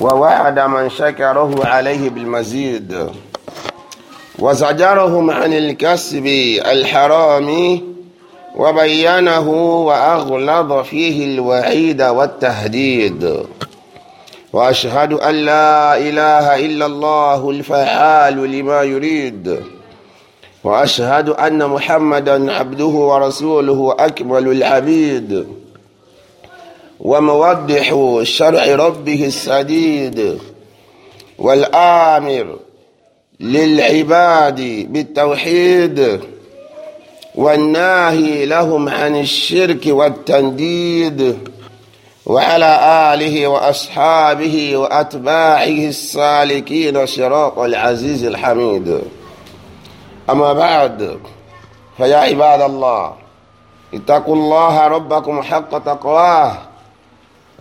ووعد من شكره عليه بالمزيد وزجرهم عن الكسب الحرام وبينه وأغلظ فيه الوعيد والتهديد وأشهد أن لا إله إلا الله الفعال لما يريد وأشهد أن محمدا عبده ورسوله أكمل العبيد وموضح شرع ربه السديد والآمر للعباد بالتوحيد والناهي لهم عن الشرك والتنديد وعلى آله وأصحابه وأتباعه السالكين صراط العزيز الحميد أما بعد فيا عباد الله اتقوا الله ربكم حق تقواه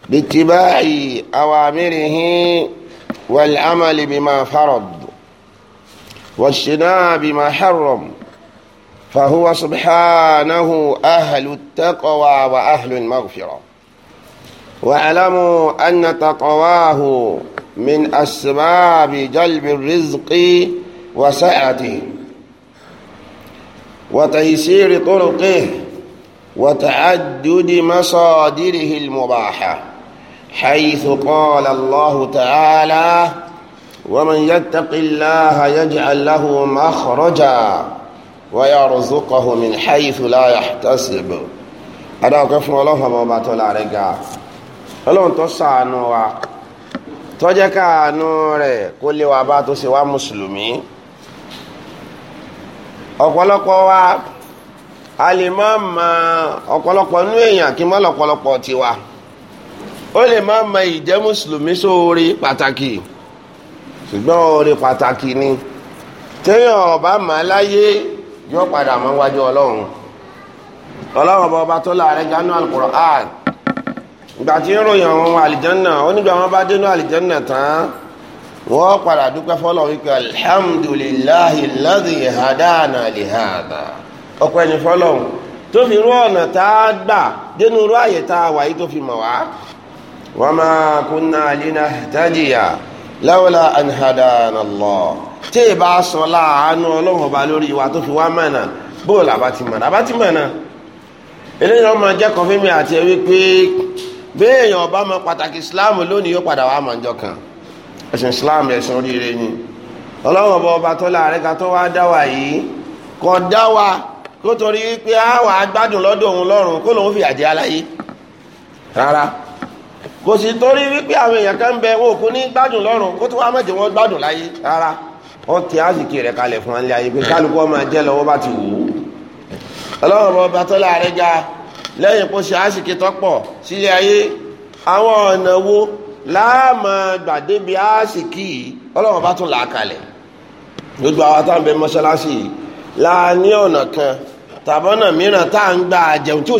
باتباع أوامره والعمل بما فرض واجتناب ما حرم فهو سبحانه أهل التقوى وأهل المغفرة واعلموا أن تقواه من أسباب جلب الرزق وسعته وتيسير طرقه وتعدد مصادره المباحه حيث قال الله تعالى ومن يتق الله يجعل له مخرجا ويرزقه من حيث لا يحتسب أنا أكف الله وما تولى رجع Ọlọ́run tó ṣàánú wa tó jẹ́ káàánú rẹ̀ kó lé wa bá tó ṣe wá mùsùlùmí ọ̀pọ̀lọpọ̀ wa a lè má ma ọ̀pọ̀lọpọ̀ nú èèyàn kí mọ́ lọ̀pọ̀lọpọ̀ tiwa. wa ó lè má ma ìjẹ́ mùsùlùmí sóore pàtàkì ṣùgbọ́n oore pàtàkì ni téèyàn ọba máa láyé yóò padà máa wájú ọlọ́run ọlọ́run ọba ọba tó láàrẹ ganu alukur'an ìgbà tí ń ròyìn àwọn ọmọ àlìjánná onígbà wọn bá dénú àlìjánná tán wọ́n padà dúpẹ́ fọ́lọ́ wípé alhamdulillahi ladhi hadana lihada ọpẹ́ ni fọ́lọ́run tó fi rú ọ̀nà tá a gbà dénú rú àyè tá a tó fi mọ̀ wá. وما كنا لنهتدي لولا أن هدانا الله tí bá sọ láàánú Ọlọ́run ọba lórí wa tó fi wá mọ̀nà bóòlù àbátí mọ̀nà àbátí mọ̀nà eléyìí ọmọ jẹ́kọ̀ọ́ fún mi àti ẹ̀wí pé pàtàkì Islam lónìí yóò padà wà á kan ẹ̀sìn Islam ẹ̀sìn oríire ni Ọlọ́run ọba ọba tó wa yìí kò dá wa kó torí pé wà gbádùn kò sì torí wípé àwọn èèyàn kan bẹ wọn ò kú ní gbádùn lọ́rùn kó tó wá má jẹ́ wọn gbádùn láyé rárá wọn ti àsìkò rẹ̀ kalẹ̀ fún alẹ́ ayé pé kálukú ọmọ ẹ̀jẹ̀ lọ́wọ́ bá ti wù ú ọlọ́run bọ́ bá tọ́lá rẹ̀ ga lẹ́yìn kó ṣe àsìkò tọ́pọ̀ sílé ayé àwọn ọ̀nà wo láàmà gbàdébi àsìkò yìí ọlọ́run bá tún là á kalẹ̀ gbogbo àwọn táwọn bẹ mọ́ṣáláṣí yìí láà ní ọ̀nà kan tàbọ̀nà mìíràn tá à ń gbà jẹun tí ò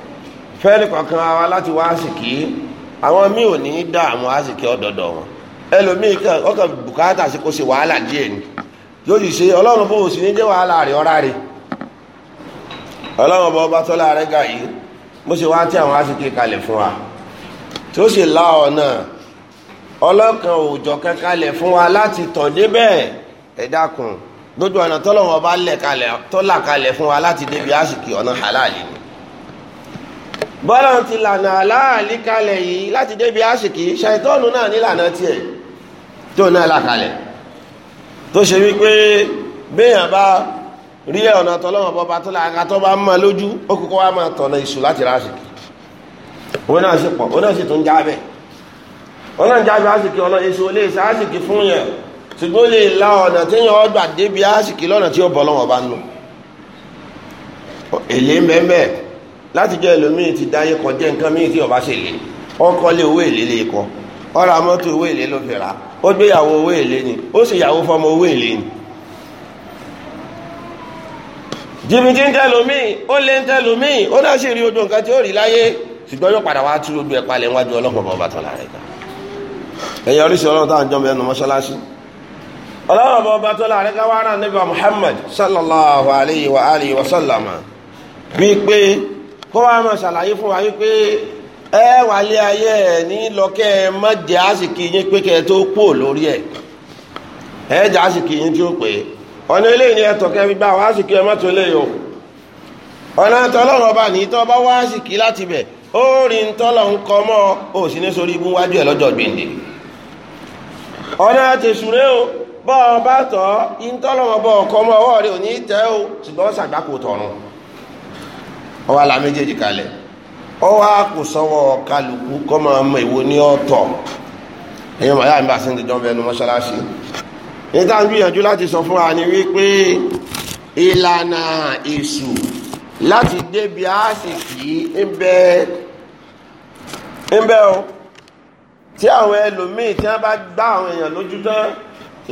fẹ́ẹ́rì kọ̀ọ̀kan wa láti wá àsìkí àwọn míì ò ní àwọn àsìkí ọ̀dọ̀dọ̀ wọn ẹlòmíì kan ọkàn bùkátà sí kó ṣe wàhálà díẹ̀ ni yóò sì ṣe ọlọ́run bó o ní jẹ́ wàhálà rẹ̀ ọ̀rá rẹ̀ ọlọ́run bó tọ́lá rẹ̀ gà yìí mo ṣe wá tí àwọn àsìkí la ọ̀nà ọlọ́kan òòjọ́ fún wa láti tọ̀ débẹ̀ dákun ọba lẹ̀ kalẹ̀ kalẹ̀ fún wa láti débi àsìkí bọ́lọ́n ti lànà aláàlí yìí láti débi àṣìkí ṣàìtọ́nù náà nílànà tiẹ̀ tó náà làkalẹ̀ tó ṣe wípé béèyàn bá rí ọ̀nà tọ́lọ́wọ̀n bọ́ba tó lága tó bá mọ́ lójú ó kúkọ́ wá máa tọ̀nà ìṣù láti àṣìkí òun náà sì pọ̀ òun náà sì tún jábẹ̀ òun náà jábẹ̀ àṣìkí ọ̀nà ṣe láti jẹ́ ẹlòmíì ti dáyé kọjá nǹkan míì tí ọba ṣe lè ọkọlé owó èlé lè kọ ọ̀rọ̀ amọ́tò owó èlé ló fi rà ó gbéyàwó owó èlé ni ó sì yàwó fọmọ owó èlé ni. jìbìtì ń tẹlòmíì ó lé ń tẹlòmíì ó náà sì rí ojú nǹkan tí ó rí láyé ṣùgbọ́n yóò padà wá tú ojú ẹ̀ palẹ̀ wájú ọlọ́pàá ẹ̀yà oríṣi ọlọ́run kọ́ wa máa ṣàlàyé fún wa wípé ẹ wàlé ayé ẹ ní lọ́kẹ́ ẹ má jẹ́ àsìkí yín pé kẹ́ ẹ tó pò lórí ẹ̀ ẹ jẹ́ àsìkí yín tí ó pè é ọ̀nà eléyìí ni ẹ̀tọ̀ kẹ́ fi gbà wá àsìkí ẹ má tó o ọ̀nà tọ́lọ́run ọba ní tọ́ bá wá àsìkí láti bẹ̀ ó rí ń tọ́lọ̀ ń kọ́ mọ́ ò sí ní sórí ibú wájú ẹ̀ lọ́jọ́ gbèǹde ọ̀nà tẹ̀sùrẹ́ o bọ́ ọ bá tọ́ ń tọ́lọ́run ọba ọ̀kọ́ mọ́ ọwọ́ rẹ̀ ò ní tẹ́ o ṣùgbọ́n ṣàgbákò tọ̀run ọwọ́ àlà méjèèjì kalẹ̀ ọwọ́ kò sọ́wọ́ kálukú kọ́ máa mọ ìwo ní ọ̀tọ̀ ẹ̀yọ́ màá yà ń bá sí ìdìjọ́ bẹ́ẹ̀ nu mọ́ṣáláṣí ní tá à ń gbìyànjú láti sọ fún wa ni wípé ìlànà èṣù láti débi àásìkí ń bẹ ń bẹ o tí àwọn ẹlòmíì tí wọ́n bá gbá àwọn èèyàn lójú tán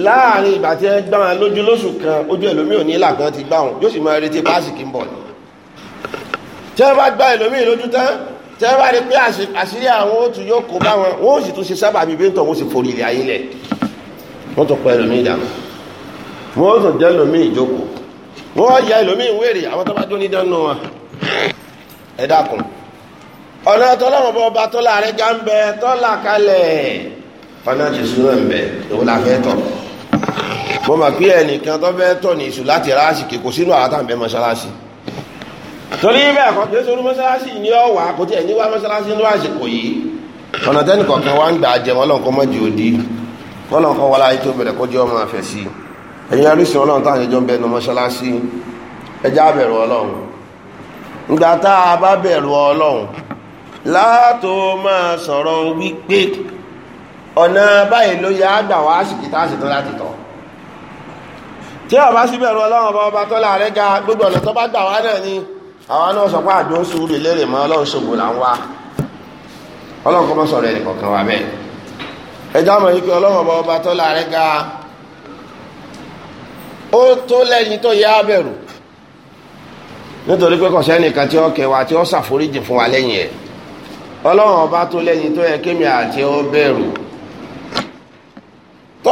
láàrin ìgbà tí wọ́n gbá wọn lójú lóṣù kan ojú ẹlòmíì ò ní ìlà kan ti gbá wọn yóò sì máa retí páàsì kí ń bọ̀ ni tí wọ́n bá gbá ẹlòmíì lójú tán tí wọ́n bá rí pé àṣírí àwọn oṣù yóò kó bá wọn wọ́n sì tún ṣe sábà bíi bíntàn wọ́n sì forí ilẹ̀ ayé lẹ̀ wọ́n tún pa ẹlòmíì dànù wọ́n tún jẹ́ ẹlòmíì ìjókòó wọ́n ya ẹlòmíì wéèrè àwọn tó bá jó ní dánú wọn ẹ dákun ọ̀nà tọ́lọ́run bọ́ ọba tọ́lá rẹ̀ já ń bẹ tọ́lá kalẹ̀ ọ̀nà ìṣúná ń bẹ òun la fẹ́ tọ̀ mo mà pé ẹnìkan tó fẹ́ tọ̀ ní ìṣù láti ráàsì kò sínú àwọn àtàǹbẹ̀ mọ́ṣáláṣí torí bẹ́ẹ̀ kọ́ jésù orí mọ́sálásí ní ọ̀wà kò tí ẹ̀ ní wá mọ́sálásí ní àsìkò yìí ọ̀nà tẹ́nì kọ̀ọ̀kan wá ń gbà jẹ wọn lọ́nkọ́ mọ́jì òdi wọn lọ́nkọ́ wọlé ayé tó bẹ̀rẹ̀ kọjú ọmọ àfẹ́ sí ẹ̀yin arísìn ọlọ́run táwọn ẹjọ́ ń bẹnu mọ́sálásí ẹjá bẹ̀rù ọlọ́run ìgbà tá a bá bẹ̀rù ọlọ́run látò máa sọ̀rọ̀ wípé ọ̀nà báyìí ló yẹ àgbà wá síkìtà ṣetán láti tọ̀ tí ọba síbẹ̀rù ọlọ́run ọba ọba tọ́lá rẹ̀ ga gbogbo ọ̀nà tó bá gbà wá náà ni àwọn náà sọ pé àjọ ilere sùúrù lérè mọ́ ọlọ́run là ń wá ọlọ́run kọ́ sọ̀rọ̀ kọ̀ọ̀kan bẹ́ẹ̀ ẹjọ́ mọ̀ pé ọlọ́run ọba ọba tó láàrẹ́ ga ó tó lẹ́yìn tó yá bẹ̀rù nítorí pé kò nìkan tí ó kẹwàá tí ó ṣàforíjì fún wa lẹ́yìn ẹ̀ ọlọ́run ọba tó lẹ́yìn tó yẹ kémi àti ó bẹ̀rù tó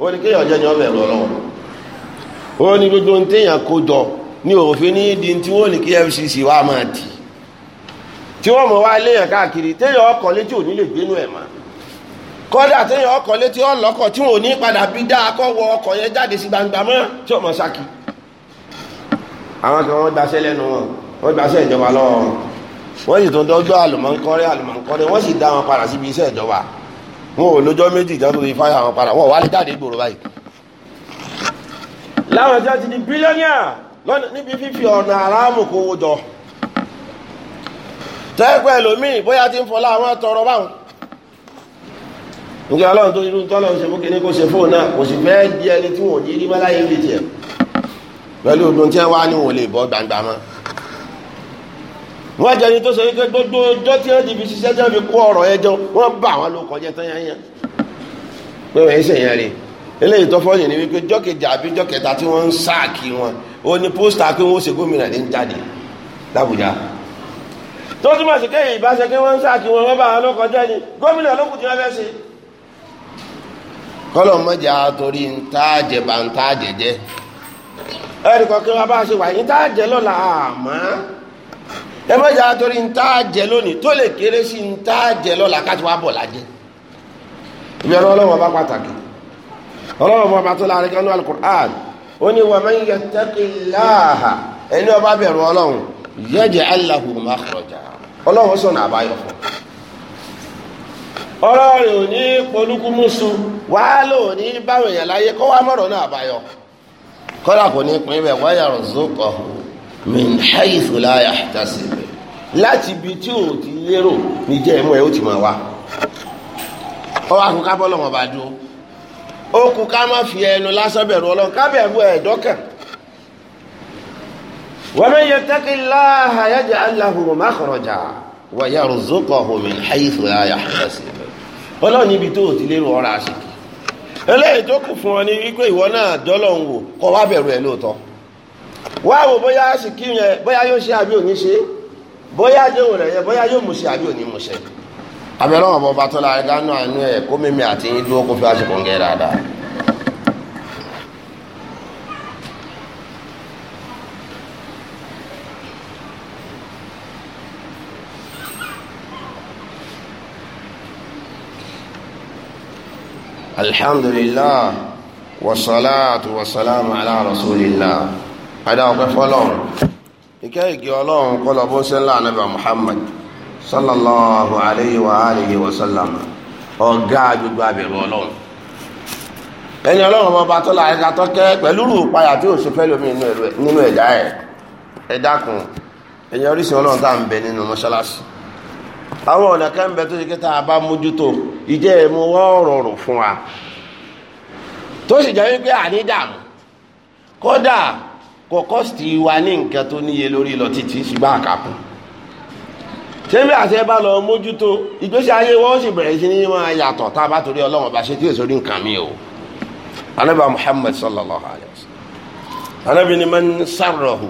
ó ní kéèyàn jẹ́ ní ọmọ ẹ̀rọ ọlọ́run ó ní gbogbo ní téèyàn kó jọ ní òfin ní di tí wọ́n ní kí FCC wá máa dì tí wọ́n mọ̀ wá léèyàn káàkiri téèyàn ọkọ̀ létí ò ní lè gbénú ẹ̀ mà kọ́dà téèyàn ọkọ̀ létí ọlọ́kọ̀ tí wọn ò ní padà bí dá akọ́wọ́ ọkọ̀ yẹn jáde sí gbangba mọ́ tí ọmọ sáki àwọn kan wọ́n gbaṣẹ́ lẹ́nu wọn wọ́n gbaṣẹ́ ìjọba lọ́wọ́ wọ́n sì tó dọ́jọ́ àlùmọ́ńkọ́rẹ́ àlùmọ́ńkọ́rẹ́ wọ́n sì dá wọn padà síbi iṣẹ́ ìjọba wọn ò lójọ́ méjì ìjọba tó fi fáyà wọn padà wọn ò wá lè jáde gbòòrò báyìí. láwọn ọjọ́ ti di bílíọ̀nìà níbi fífi ọ̀nà aráàmù kó owó jọ tẹ́ẹ̀pẹ́ ẹlòmíì bóyá ti ń fọlá àwọn tọrọ báwọn nígbà ọlọ́run tó irú tọ́lọ̀ ṣe fún kíní kó ṣe fóun náà kò sì fẹ́ẹ́ di ẹni tí wọn ò ní rí mọ́láyé ń bìtì ẹ̀ pẹ̀lú ọdún tí wọ́n wá ní wọn ò lè bọ́ gbangba mọ́ wọ́n jẹ́ ní tó ṣe wípé gbogbo ọjọ́ tí wọ́n ti fi ṣiṣẹ́ tí wọ́n fi kó ọ̀rọ̀ ẹjọ́ wọ́n bá àwọn ló kọjá tán yányá pé wọ́n ṣe yẹn rí eléyìí tó fọ́yìn ni wípé jọ́kejì àbí jọ́kẹta tí wọ́n ń sáàkì wọn ó ní pósítà pé wọ́n ṣe gómìnà ní jáde lábùjá tó túmọ̀ sí kéyìn ìbáṣe pé wọ́n ń sáàkì wọn wọ́n bá àwọn ló kọjá ni gómìnà ló kù tí wọ́n fẹ́ ṣe. kọ́lọ̀ mọ́jà torí ń tàjẹ̀ bá ń tàjẹ̀ jẹ́ ẹnì kọ̀ọ̀kan wa bá ṣe wà yín tàjẹ̀ lọ́la àmọ́ ẹ mọ̀jà torí ń tá a jẹ lónìí tó lè kéré sí ń tá a jẹ lọ́la ká ti wá bọ̀ lájẹ ìbẹ̀rù ọlọ́wọ́ bá pàtàkì ọlọ́wọ́ bá pàtó láàrin kanú alukur'an ó ní wa man yattaqillaha ẹni ó bá bẹ̀rù ọlọ́run yaj'al lahu makhraja ọlọ́run sọ̀nà àbáyọ fún ọlọ́run ò ní polúkúmùsù wàá lò ní báwọn èèyàn láyé kó wá mọ̀rọ̀ náà àbáyọ kọ́lá kò ní pín min haythu la yahtasib láti ibi tí o ti lérò níjẹ́ ẹ̀mú ẹ̀ ó ti máa wá ọ wá kó ká bọ́ lọ́mọ bá dúró ó kó ká má fi ẹnu lásán bẹ̀rù wa man yattaqillaha min haythu la yahtasib ọlọ́run o ti lérò ọ̀rọ̀ tó kù fún ọ ní wípé ìwọ náà wò kọ́ wá bẹ̀rù ẹ̀ lóòótọ́ wá wò bóyá àsìkí yẹn bóyá yóò ṣe àbí òní ṣe bóyá yóò rẹ̀ yẹ bóyá yóò mú ṣe àbí òní mú ṣe abẹ́rẹ́ wọn bá tọ́lá ẹ̀ka nù àánú ẹ̀ kó mímí àti yín dúró kó fi àsìkò ń gẹ́ dáadáa. alhamdulillah wasalaatu wasalaamu ala rasulillah. adá ọpẹ́ fọ́lọ́run ike igi ọlọrun kọlọ bó sẹ́lá anábà muhammad sallallahu alayhi wa alihi wa sallam ọ̀gá gbogbo abẹ̀rù ọlọ́run ẹni ọmọ ọba tó la ẹ̀ka rú payà tí o ṣe fẹ́ lómi nínú tá à ń bẹ nínú àwọn ọ̀nà tó ṣe ìjẹ́ ẹ̀mú fún kò kọ́sìtì wa ní nǹkan tó níye lórí lọ títí ṣùgbọ́n àkàkùn sẹ́mi àṣẹ bá lọ mójútó ìgbésí ayé wọn sì bẹ̀rẹ̀ sí ní máa yàtọ̀ tá a bá torí ọlọ́wọ́n bá ṣe tí èso rí nǹkan mi o anábà Muhammad sallallahu alayhi wa sallam anábì ni man sarrahu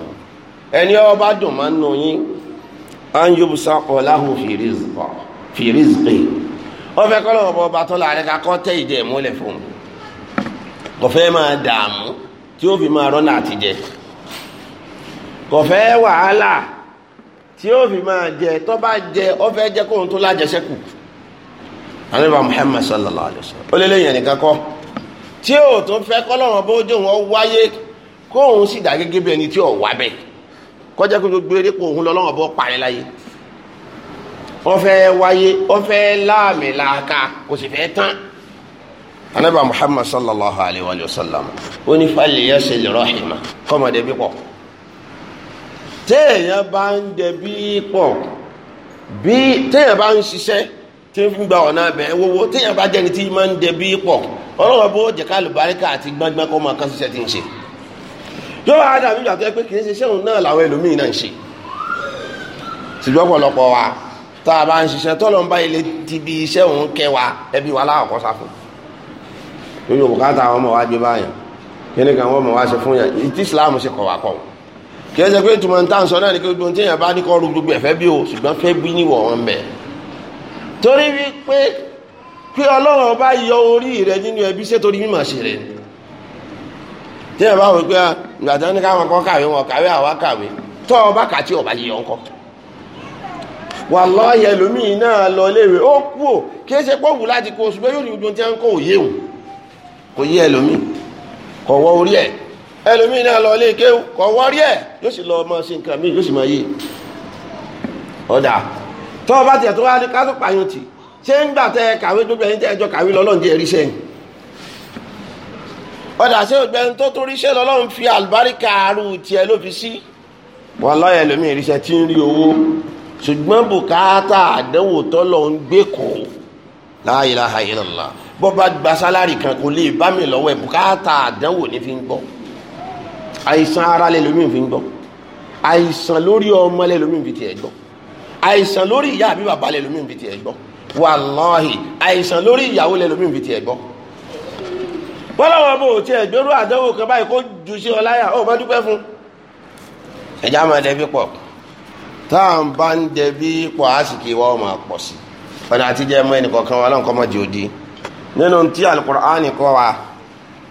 ẹni ọba dùn máa ń nù yín an yubsaqa lahu fi rizqi fi rizqi wọ́n fẹ́ kọ́lọ́wọ́ bọ́ ọba tó láàrin kakọ́ tẹ́ ìjẹ́ ìmúlẹ̀ fún un kò fẹ́ máa dààmú tí ó fi máa rọ́nà àtijẹ́ kò fẹ́ wàhálà tí ó fi máa jẹ tó bá jẹ ó fẹ́ jẹ kóhun tó lájẹsẹ́kù anábà Muhammad sallallahu alayhi wa sallam ó lé lẹ́yìn ẹnìkan kọ́ tí ó tún fẹ́ kọ́lọ́run bójú wọn wáyé kóhun sì dá gẹ́gẹ́ bí ẹni tí ò wá bẹ́ẹ̀ kọjá kó gbogbo eré kóhun lọ́lọ́run bó parí láyé wọ́n fẹ́ wáyé wọ́n fẹ́ láàmì làákà kò sì fẹ́ tán anábà Muhammad sallallahu alayhi wa sallam ó ní fàlẹ́ yẹn ṣe lè téèyàn bá ń jẹ bí pọ̀ bí téèyàn bá ń ṣiṣẹ́ tí ń gba ọ̀nà abẹ́ wọ́wọ́ téèyàn bá jẹ́ni tí máa ń jẹ bí pọ̀ ọlọ́wọ́ bó jẹ́ ká lùbáríkà àti gbangban kọ́ máa kán ṣiṣẹ́ tí ń ṣe yóò wá dàbí ìgbà tó yẹ pé kì í ṣe iṣẹ́ òun náà làwọn ẹlòmíì náà ń ṣe ṣùgbọ́n ọ̀pọ̀lọpọ̀ wa tá a bá ń ṣiṣẹ́ tọ́lọ̀ ń bá ilé ti bí iṣẹ́ òun kẹwàá ẹbí wa láàkọ́ sáfún lórí òkúta àwọn ọmọ wa gbé báyìí kí ni kan wọ́n mọ̀ wá ṣe fún yàn ìtí Islam ṣe kọ̀ wá kọ̀ wọ́n kìí ṣe pé ìtumọ̀ ní táǹsọ náà ni pé gbogbo tíyàn bá ní kọ́ ru gbogbo ẹ̀fẹ́ bí o ṣùgbọ́n fẹ́ bí níwọ̀ wọn bẹ̀. torí wípé pé ọlọ́run ọba yọ orí rẹ nínú ẹbí ṣé torí mímọ̀ ṣe rẹ ni. tíyàn bá wọ pé ah, ìgbà tí wọ́n ní káwọn kan kàwé wọn kàwé àwa kàwé tọ́ ọba kàtí ọba yìí yọ̀ ń kọ́. wàláhì ẹlòmíì náà lọ léèrè ó kú ò kìí ṣe pọ́ọ̀bù láti kó oṣù bẹ́ẹ̀ yóò ní gbogbo tí wọ́n ń ẹlòmíì náà lọ ilé kéwù kọ wọ́rí ẹ̀ yóò sì lọ máa ṣe nǹkan míì yóò sì máa yé ọ̀dà tó o bá tiẹ̀ tó wá ní ká tó pààyàn tì ṣé ń gbà tẹ kàwé gbogbo ẹni tẹ ẹjọ kàwé lọ́lọ́run jẹ́ rí sẹ́yìn ọ̀dà ṣé ògbẹ́ni tó tó ríṣẹ́ lọ́lọ́run fi àlùbáríkà àrù tiẹ̀ ló fi sí wọn lọ́yẹ̀ lómi ìríṣẹ́ tí ń rí owó ṣùgbọ́n bùkátà àdánwò tọ́lọ̀ ń gbé kọ́ la ilaha illallah bọ́ bá gba sálárì kan kò lè bá mi lọ́wọ́ ẹ̀ bùkátà àdánwò ní fi ń gbọ́ àìsàn ara lè lómi fi ń gbọ́ àìsàn lórí ọmọ lè lómi fi ti gbọ́ àìsàn lórí ìyá àbí bàbá lè lómi fi tiẹ̀ gbọ́ wàláhì àìsàn lórí ìyàwó lè lómi fi ti gbọ́ bọ́lá wọn bò tiẹ̀ gbérú àdánwò kan báyìí kó ju sí ọ láyà ó má dúpẹ́ fún ẹ̀já máa dẹbi pọ̀ tá à ń bá ń dẹbi pọ̀ àsìkò ìwà ọmọ àpọ̀ sí ọ̀nà àtijọ́ ẹ̀mọ́ ẹnìkọ̀ọ̀kan wa lọ́nkọ́ mọ́ di òdi nínú tí alukur'ani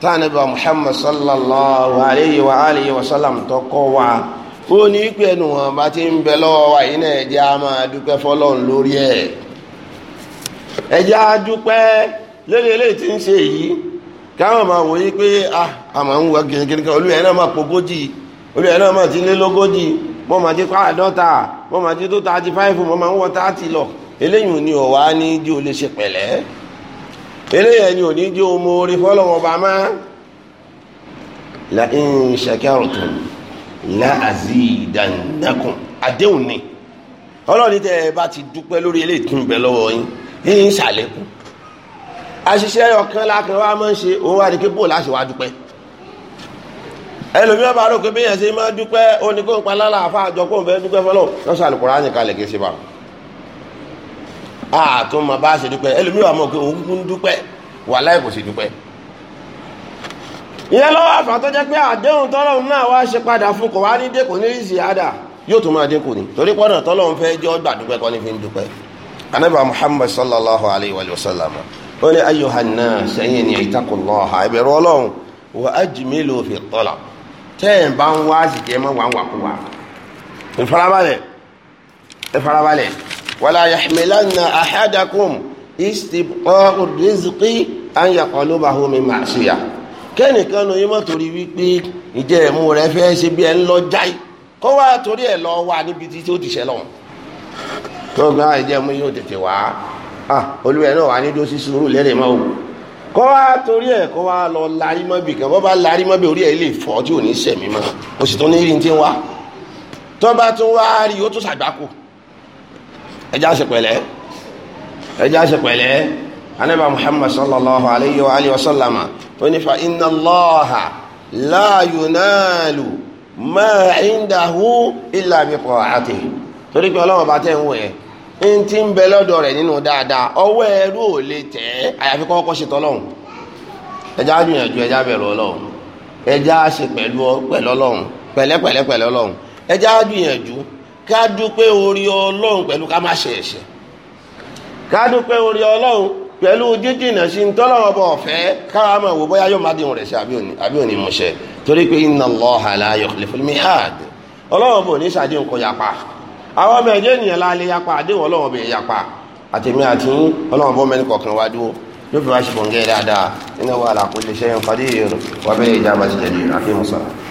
tánàbí wa muhammad sallallahu alayhi wa alihi wa sallam tó kọ́ wa ó ní pé ẹnu wọn bá ti ń bẹ lọ́wọ́ wa yìí náà ẹjẹ́ a máa dúpẹ́ fọlọ́run lórí ẹ̀ a dúpẹ́ lórí eléyìí tí ń ṣe yìí káwọn máa wò yí pé àmọ́ ah, ń wọ gírígírí kan olú náà máa pogójì olú náà máa ti lé lógójì mo máa ti kọ́ àádọ́ta mo máa ti tó thirty five mo máa ń wọ thirty lọ eléyìí ò ní ọ̀wá ní ṣe pẹ̀lẹ́. eléyà ni òní jẹ́ ọmọ orí fọ́lọ́wọ́ bá má la in shakartum la azidannakum àdéhùn ni ọlọ́ọ̀ni tẹ́ ẹ bá ti dúpẹ́ lórí eléyìí tún bẹ lọ́wọ́ yín yín ṣàlékún àṣìṣe ọ̀kan lákan wá máa ń ṣe òun wá ní kí bóòlù àṣìwá dúpẹ́ ẹlòmíràn bá rò pé bí yẹn ṣe máa dúpẹ́ ó lálàáfà àjọ dúpẹ́ fọlọ́ lọ́sọ̀ ránìkalẹ̀ kì ṣe báwọn. àtún ah, máa bá ṣe dúpẹ́ ẹlòmíràn àmọ́ pé òun kúkú dúpẹ́ wà láì kò ṣe dúpẹ́. ìyẹn lọ́wọ́ àfà jẹ́ pé àdéhùn tọ́lọ́run náà wá ṣe padà fún kò ní dé ní í ṣe yóò tún máa dínkù ni torí pọ́nà tọ́lọ́run fẹ́ jẹ́ ọgbà dúpẹ́ kọ́ ní fi ń dúpẹ́. anábà muhammad sallallahu alayhi wa sallam ó ní ayyuhan nas sẹ́yìn ní ìbẹ̀rù ọlọ́run fi bá ń wá sì mọ́ wà ń wà kú wa. ìfarabalẹ̀ ìfarabalẹ̀ wala yahmilanna ahadakum istibqa'u rizqi an yaqlubahu min ma'siyah kẹ́nìkan nu yín mọ̀ torí wípé ìjẹ́ ẹ̀mú rẹ fẹ́ ṣe bí ẹ ń lọ jáì kó wá torí ẹ̀ lọ wá níbi tí ó ti ṣẹ lọ́wọ́ tó gbá ìjẹ́ ẹ̀mú yóò tètè wá olúwẹ̀ náà wà ní dó sí sùúrù lẹ́rẹ̀ mọ́ o kó wá torí ẹ̀ kó wá lọ larí mọ́ bì kan bó bá larí mọ́ bì orí ẹ̀ lè fọ́ tí ò ní sẹ̀mí mọ́ o sì tún ní rí ti wá tó bá tún wá rí o tún ṣàgbákò ẹjá ṣe pẹ̀lẹ́ ẹjá ṣe pẹ̀lẹ́ anábà muhammad sallallahu alayhi wa alihi wa sallama tó nífa inna allaha la yunalu ma indahu illa bi ta'atihi torí pé ọlọ́run bá tẹ̀ ń wò ẹ́ ń ti ń bẹ lọ́dọ̀ rẹ̀ nínú dáadáa ọwọ́ ẹrú ò lè tẹ̀ ẹ́ àyàfi kọ́kọ́ ṣe tọ́lọ́run ẹjá gbìyànjú ẹjá bẹ̀rù ọlọ́run ẹjá ṣe pẹ̀lú ọlọ́run pẹ̀lẹ́pẹ̀lẹ́ pẹ̀lú ọlọ́run ẹjá gbìyànjú ká dúpẹ́ orí ọlọ́run pẹ̀lú ká má ṣe ẹ̀ṣẹ̀ ká dúpẹ́ orí ọlọ́run pẹ̀lú jíjìnà sí ń tọ́lọ́wọ́ bọ̀ ọ̀fẹ́ káwa máa wò bóyá yóò má dín rẹ̀ sí àbí òní mọ̀ṣẹ́ torí pé inna Allaha la yukhlifu al-mi'ad ọlọ́run bò ní sàdéhùn kọ yapa àwọn ọmọ ẹ̀jẹ̀ ènìyàn lálẹ́ yapa àdéhùn ọlọ́run bẹ̀ yapa àtẹ̀mí àti ọlọ́run bọ́ mẹ́rin kọ̀ọ̀kan wá dúró yóò fi wá ṣe fòǹgẹ́ dáadáa innahu ala kulli shay'in qadir wa bihi ijabati jadir àfihàn sọ̀rọ̀.